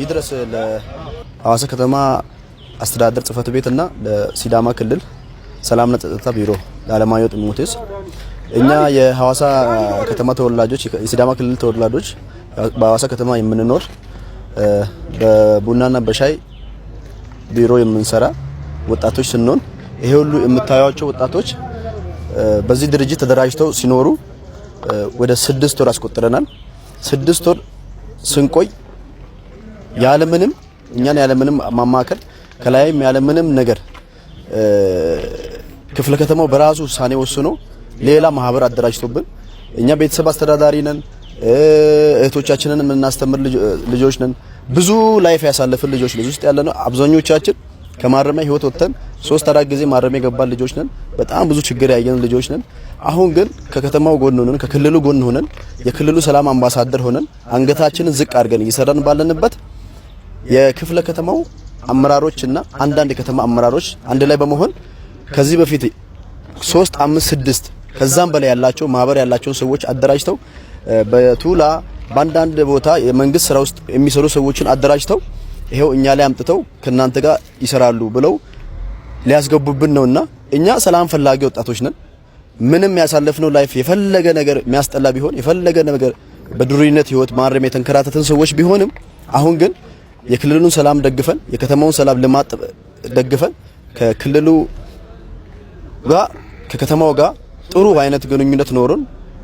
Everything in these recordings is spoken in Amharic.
ይድረስ ለሀዋሳ ከተማ አስተዳደር ጽህፈት ቤት እና ለሲዳማ ክልል ሰላምና ጸጥታ ቢሮ ለአለማየሁ ጢሞቴዎስ እኛ የሐዋሳ ከተማ ተወላጆች የሲዳማ ክልል ተወላጆች በሀዋሳ ከተማ የምንኖር በቡናና በሻይ ቢሮ የምንሰራ ወጣቶች ስንሆን ይሄ ሁሉ የምታዩቸው ወጣቶች በዚህ ድርጅት ተደራጅተው ሲኖሩ ወደ ስድስት ወር አስቆጥረናል። ስድስት ወር ስንቆይ ያለምንም እኛን ያለምንም ማማከል ከላይም ያለምንም ነገር ክፍለ ከተማው በራሱ ውሳኔ ወስኖ ሌላ ማህበር አደራጅቶብን እኛ ቤተሰብ አስተዳዳሪ ነን፣ እህቶቻችንን የምናስተምር ልጆች ነን። ብዙ ላይፍ ያሳለፍን ልጆች ልጅ ውስጥ ያለ ነው አብዛኞቻችን ከማረሚያ ህይወት ወጥተን ሶስት አራት ጊዜ ማረሚያ የገባን ልጆች ነን። በጣም ብዙ ችግር ያየን ልጆች ነን። አሁን ግን ከከተማው ጎን ሆነን ከክልሉ ጎን ሆነን የክልሉ ሰላም አምባሳደር ሆነን አንገታችንን ዝቅ አድርገን እየሰራን ባለንበት የክፍለ ከተማው አመራሮችና አንዳንድ የከተማ አመራሮች አንድ ላይ በመሆን ከዚህ በፊት ሶስት አምስት ስድስት ከዛም በላይ ያላቸው ማህበር ያላቸውን ሰዎች አደራጅተው በቱላ በአንዳንድ ቦታ የመንግስት ስራ ውስጥ የሚሰሩ ሰዎችን አደራጅተው ይሄው እኛ ላይ አምጥተው ከእናንተ ጋር ይሰራሉ ብለው ሊያስገቡብን ነውና እኛ ሰላም ፈላጊ ወጣቶች ነን። ምንም ያሳለፍነው ላይፍ የፈለገ ነገር የሚያስጠላ ቢሆን የፈለገ ነገር በድሩይነት ህይወት ማረም የተንከራተትን ሰዎች ቢሆንም አሁን ግን የክልሉን ሰላም ደግፈን የከተማውን ሰላም ልማት ደግፈን ከክልሉ ጋር ከከተማው ጋር ጥሩ አይነት ግንኙነት ኖሮን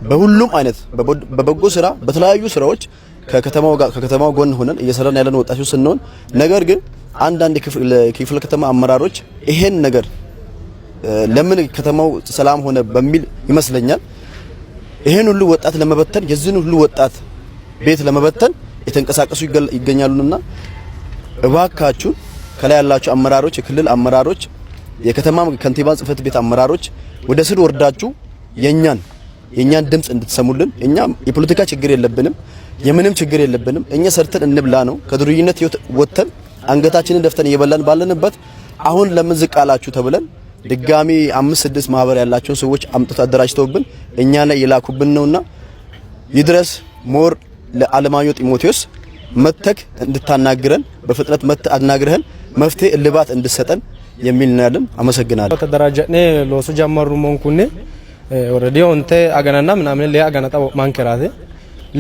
በሁሉም አይነት በበጎ ስራ በተለያዩ ስራዎች ከከተማው ጋር ከከተማው ጎን ሆነን እየሰራን ያለን ወጣቶች ስንሆን፣ ነገር ግን አንዳንድ ክፍለ ከተማ አመራሮች ይሄን ነገር ለምን ከተማው ሰላም ሆነ በሚል ይመስለኛል ይሄን ሁሉ ወጣት ለመበተን የዚህን ሁሉ ወጣት ቤት ለመበተን የተንቀሳቀሱ ይገኛሉና እባካችሁ ከላይ ያላችሁ አመራሮች፣ የክልል አመራሮች፣ የከተማ ከንቲባ ጽህፈት ቤት አመራሮች ወደ ስር ወርዳችሁ የኛን የኛን ድምጽ እንድትሰሙልን እኛ የፖለቲካ ችግር የለብንም። የምንም ችግር የለብንም። እኛ ሰርተን እንብላ ነው። ከዱርዬነት ወጥተን አንገታችንን ደፍተን እየበላን ባለንበት አሁን ለምን ዝቅ አላችሁ ተብለን ድጋሚ አምስት ስድስት ማህበር ያላቸውን ሰዎች አምጥተው አደራጅተውብን እኛ ላይ የላኩብን ነውና ይድረስ ሞር ለአለማዮ ጢሞቴዎስ መተክ እንድታናግረን በፍጥነት መተ አናግረህን መፍትሄ እልባት እንድሰጠን የሚል ነው ያለን። አመሰግናለሁ። ተደራጀኔ ሎሱ ጀመሩ መንኩኔ ወረዲዮንቴ አገናና ምናምን ለያ አገናጣ ማንከራቴ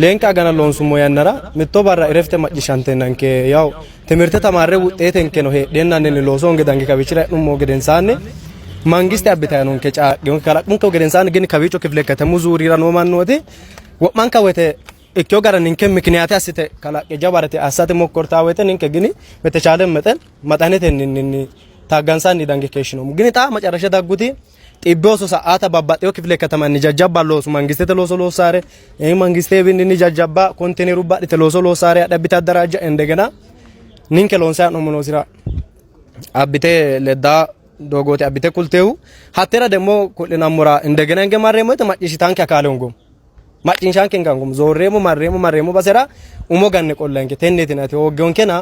ሌንቃ ገና ሎንሱሞ ያነራ ምቶ ባራ ረፍተ ማጭሻንቴናንኬ ያው ትምህርተ ተማረ ውጤቴንኬ ነው ሄደናንን ሎሶ እንገዳንኬ ከቢችላ ኑሞ ገደንሳኔ መንግስት ያብታኑን ከጫ ጊዮን ካላቁን ከገደንሳን ግን ከቢጮ ክፍለ ከተሙ ዙሪራ ነው ማንወቴ ወማንካ ወቴ እኪዮ ጋራ ንንከ ምክንያት አስተ ካላቄ ጃባረቴ አሳተ ሞኮርታ ወቴ ንንከ ግን በተቻለ መጠን መጣነቴ ንንኒ ታጋንሳን ዳንጌ ከሽ ነው ግን ጣ መጨረሻ ዳጉቲ ጢቦሶ ሰዓታ ባባጤው ክፍለ ከተማ ንጃጃባ ሎሱ መንግስቴ ተሎሶ ሎሳሬ ይህ መንግስቴ ብን ንጃጃባ ኮንቴኔሩ ባድ ተሎሶ ሎሳሬ አዳቢት አደራጃ እንደገና ኒንከ ሎንሳ ነው ምኖ ሲራ አብቴ ለዳ ዶጎቴ አብቴ ኩልቴው ሀቴራ ደግሞ ኩልና ሙራ እንደገና እንገማሬ ሞት ማጭሽ ታንክ አካለውን ጎም macciishaan keenya kan zoorreemu marreemu marreemu basera umo ganne qollanke tenneeti nati hooggeon kena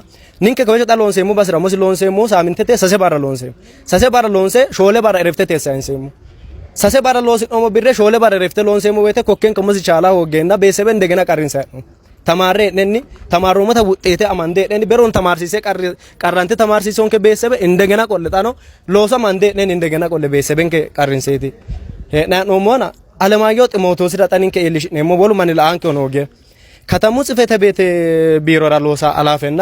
ninke kabaja dha loonseemu basera mosi loonseemu saamintete sase bara loonseemu sase bara loonse shoole bara erefte teessa hinseemu sase bara loosi'nomo birre shoole bara erefte loonseemu woyte kokkeen kamosi chaalaa hooggeenna beesebe indegena qarrinsa hedhu ተማሬ ነኒ ተማሮመተ ውጤቴ አማንዴ ነኒ በሮን ተማርሲሴ ቀራንቴ ተማርሲሶን ከቤሰበ እንደገና ቆለጣ ነው ሎሶ ማንዴ ነኒ እንደገና ቆለ ቤሰበን ከቀሪንሴቲ ሄና ኖሞና አለማየሁ ጢሞቴዎስ ዳጠኒን ከኤልሽ ኔሞ ቦሉ ማን ለአንከ ሆነ ወገ ከተሙ ጽፈተ ቤት ቢሮ ራሎሳ አላፈና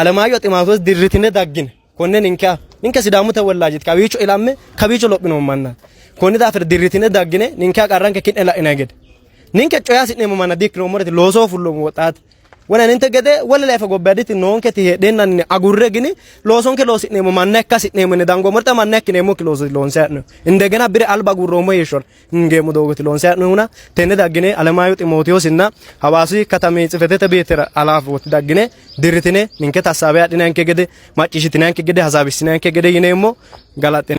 አለማየሁ ጢሞቴዎስ ድርትነ ዳግን ኮነን እንካ ንከ ሲዳሙ ተወላጅት ካቢቹ ኢላም ካቢቹ ሎብ ነው ማና ኮኒ ዳፈር ድርትነ ዳግነ ንካ ቀራን ከኪን ኢላ ኢናገድ ንከ ጮያ ሲኔ ማና ዲክ ነው ሞረት ሎሶ ሁሉ ወጣት ወለንንተ ገደ ወለላ ፈጎበዲት ኖንከት ሄደና አጉረ ግን ሎሶንከ ሎሲኔሞ ማናካ ሲኔሞ ንዳንጎ መርጣ ማናካ ኔሞ ክሎስ ሎንሳ ነው እንደገና ብሬ አልባ ጉሮሞ ይሾል እንገሙ ዶጎት ሎንሳ ነውና ተነ ዳግኔ አለማዩ ጢሞቴዎስ እና ሐዋሲ ከተሜ ጽፈተ ቤትራ አላፍወት ዳግኔ ድርትኔ ንንከ ታሳቢያ ዲናንከ ገደ ማጭሽት ናንከ ገደ ሐሳብሽ ናንከ ገደ ይኔሞ ጋላጤ